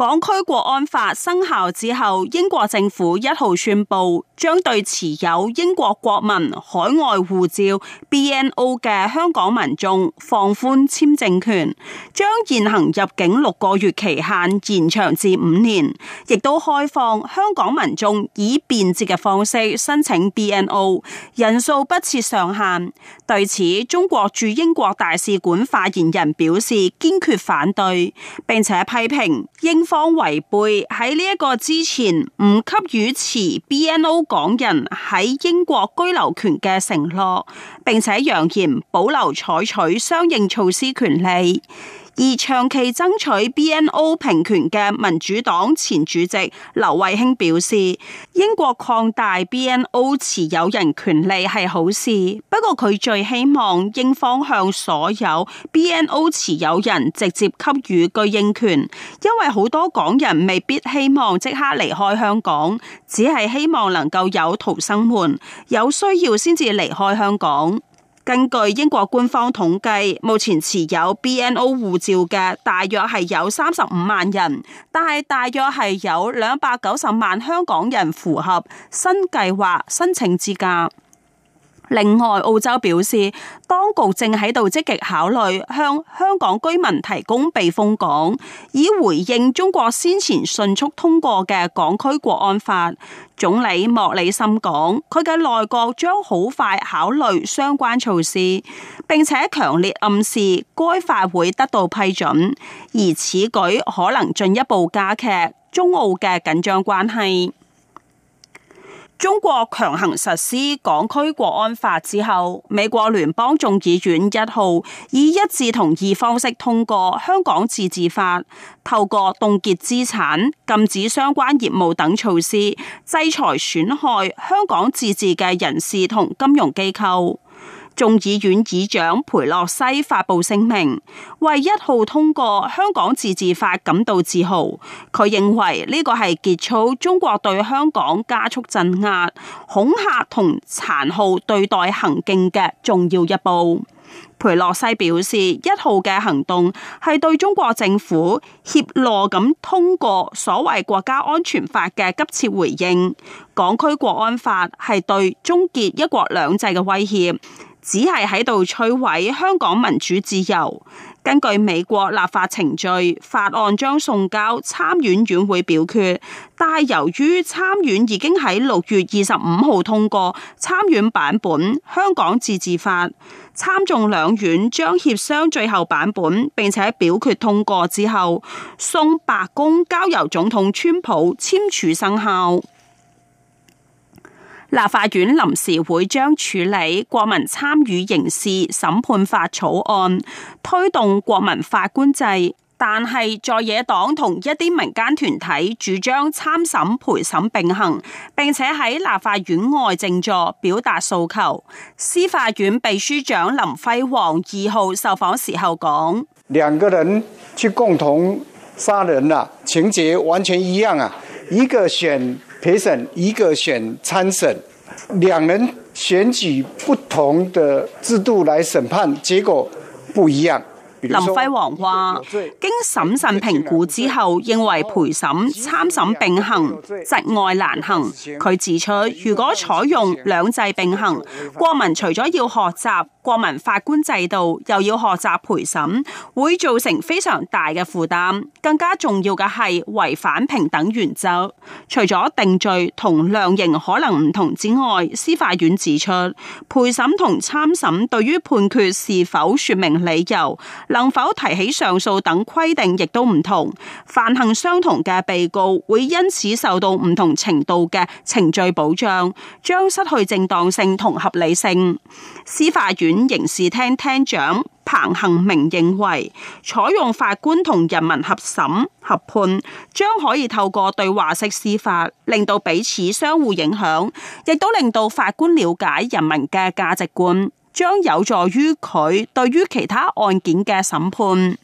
港區國安法生效之後，英國政府一號宣布，將對持有英國國民海外護照 （BNO） 嘅香港民眾放寬簽證權，將現行入境六個月期限延長至五年，亦都開放香港民眾以便捷嘅方式申請 BNO，人數不設上限。對此，中國駐英國大使館發言人表示堅決反對，並且批評英。方違背喺呢一個之前唔給予持 BNO 港人喺英國居留權嘅承諾，並且揚言保留採取相應措施權利。而長期爭取 BNO 平權嘅民主黨前主席劉慧卿表示，英國擴大 BNO 持有人權利係好事，不過佢最希望英方向所有 BNO 持有人直接給予居英權，因為好多港人未必希望即刻離開香港，只係希望能夠有逃生門，有需要先至離開香港。根據英國官方統計，目前持有 BNO 護照嘅大約係有三十五萬人，但係大約係有兩百九十萬香港人符合新計劃申請資格。另外，澳洲表示當局正喺度積極考慮向香港居民提供避風港，以回應中國先前迅速通過嘅港區國安法。總理莫里森講，佢嘅內閣將好快考慮相關措施，並且強烈暗示該法會得到批准，而此舉可能進一步加劇中澳嘅緊張關係。中國強行實施港區國安法之後，美國聯邦眾議院一號以一致同意方式通過《香港自治法》，透過凍結資產、禁止相關業務等措施，制裁損害香港自治嘅人士同金融機構。眾議院議長裴洛西發布聲明，為一號通過香港自治法感到自豪。佢認為呢個係結束中國對香港加速鎮壓、恐嚇同殘酷對待行徑嘅重要一步。裴洛西表示，一號嘅行動係對中國政府怯懦咁通過所謂國家安全法嘅急切回應。港區國安法係對終結一國兩制嘅威脅。只係喺度摧毀香港民主自由。根據美國立法程序，法案將送交參院院會表決，但係由於參院已經喺六月二十五號通過參院版本《香港自治法》，參眾兩院將協商最後版本並且表決通過之後，送白宮交由總統川普簽署生效。立法院臨時會將處理《國民參與刑事審判法》草案，推動國民法官制，但係在野黨同一啲民間團體主張參審陪審並行，並且喺立法院外靜坐表達訴求。司法院祕書長林輝煌二號受訪時候講：兩個人去共同殺人啦，情節完全一樣啊，一個選陪審一個選參審，兩人選舉不同的制度來審判，結果不一樣。林輝煌話，經審慎評估之後，認為陪審、參審並行，窒礙難行。佢指出，如果採用兩制並行，國民除咗要學習國民法官制度，又要學習陪審，會造成非常大嘅負擔。更加重要嘅係違反平等原則。除咗定罪同量刑可能唔同之外，司法院指出，陪審同參審對於判決是否說明理由，能否提起上訴等規定亦都唔同，犯行相同嘅被告會因此受到唔同程度嘅程序保障，將失去正當性同合理性。司法院刑事廳廳長彭恒明認為，採用法官同人民合審合判，將可以透過對話式司法，令到彼此相互影響，亦都令到法官了解人民嘅價值觀。將有助於佢對於其他案件嘅審判。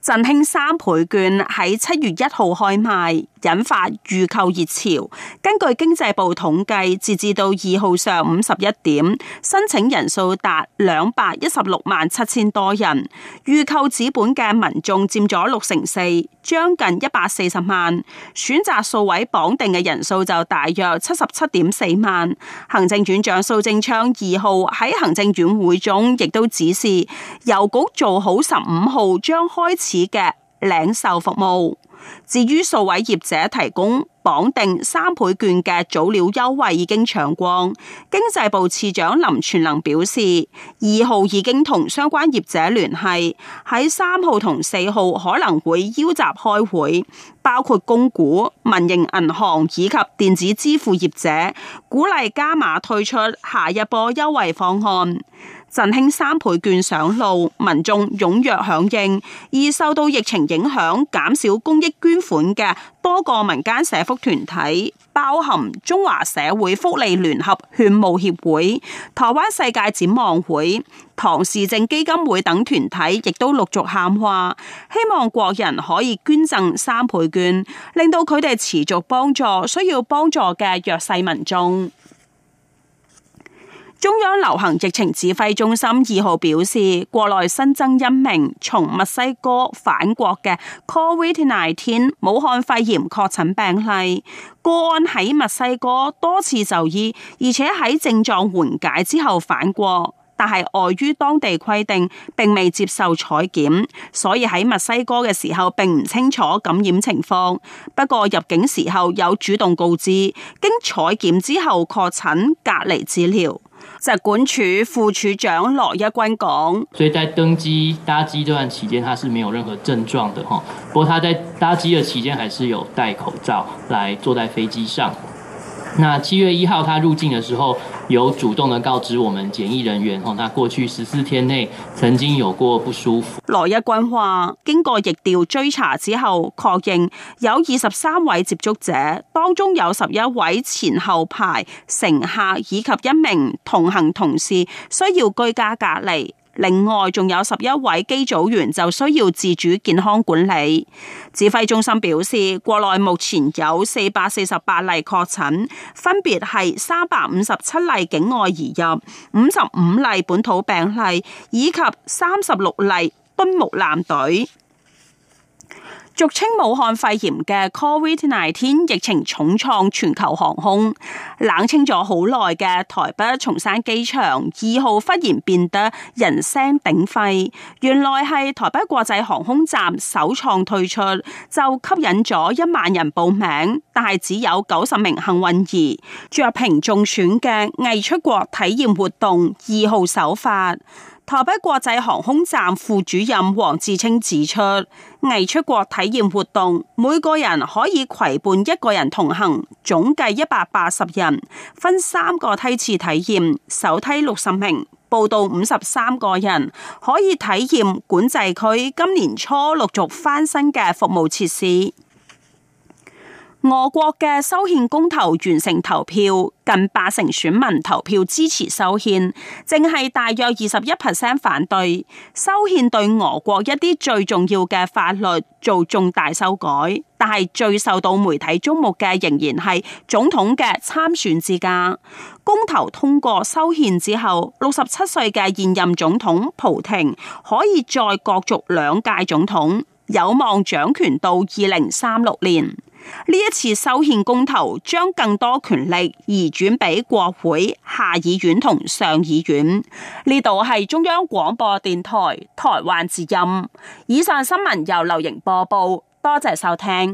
振興三倍券喺七月一號開賣。引發預購熱潮。根據經濟部統計，截至到二號上午十一點，申請人數達兩百一十六萬七千多人。預購紙本嘅民眾佔咗六成四，將近一百四十萬。選擇數位綁定嘅人數就大約七十七點四萬。行政院長蘇貞昌二號喺行政院會中亦都指示，郵局做好十五號將開始嘅領售服務。至於數位業者提供綁定三倍券嘅早鳥優惠已經搶光，經濟部次長林全能表示，二號已經同相關業者聯繫，喺三號同四號可能會邀集開會，包括公股、民營銀行以及電子支付業者，鼓勵加碼推出下一波優惠方案。振興三倍券上路，民眾踴躍響應。而受到疫情影響，減少公益捐款嘅多個民間社福團體，包含中華社會福利聯合勸募協會、台灣世界展望會、唐氏症基金會等團體，亦都陸續喊話，希望國人可以捐贈三倍券，令到佢哋持續幫助需要幫助嘅弱勢民眾。中央流行疫情指揮中心二號表示，國內新增一名從墨西哥返國嘅 COVID-19 武漢肺炎確診病例，個案，喺墨西哥多次就醫，而且喺症狀緩解之後返國，但係礙於當地規定，並未接受採檢，所以喺墨西哥嘅時候並唔清楚感染情況。不過入境時候有主動告知，經採檢之後確診隔離治療。疾管處副處長羅一鈞講，所以在登機搭機這段期間，他是沒有任何症狀的哈。不過他在搭機的期間，還是有戴口罩來坐在飛機上。那七月一號他入境嘅時候，有主動的告知我們檢疫人員哦，他過去十四天內曾經有過不舒服。羅一君話，經過疫調追查之後，確認有二十三位接觸者，當中有十一位前後排乘客以及一名同行同事需要居家隔離。另外，仲有十一位機組員就需要自主健康管理。指揮中心表示，國內目前有四百四十八例確診，分別係三百五十七例境外移入、五十五例本土病例以及三十六例敦睦艦隊。俗稱武漢肺炎嘅 Covid-19 疫情重創全球航空，冷清咗好耐嘅台北松山機場二號忽然變得人聲鼎沸，原來係台北國際航空站首創推出，就吸引咗一萬人報名，但係只有九十名幸運兒，著憑中選嘅偽出國體驗活動二號首發。台北國際航空站副主任黃志清指出，偽出國體驗活動，每個人可以攜伴一個人同行，總計一百八十人，分三個梯次體驗，首梯六十名，報到五十三個人，可以體驗管制區今年初陸續翻新嘅服務設施。俄國嘅修憲公投完成投票，近八成選民投票支持修憲，淨係大約二十一 percent 反對。修憲對俄國一啲最重要嘅法律做重大修改，但係最受到媒體矚目嘅仍然係總統嘅參選資格。公投通過修憲之後，六十七歲嘅現任總統蒲亭可以再角逐兩屆總統，有望掌權到二零三六年。呢一次修憲公投將更多權力移轉俾國會、下議院同上議院。呢度係中央廣播電台台灣之音。以上新聞由劉瑩播報，多謝收聽。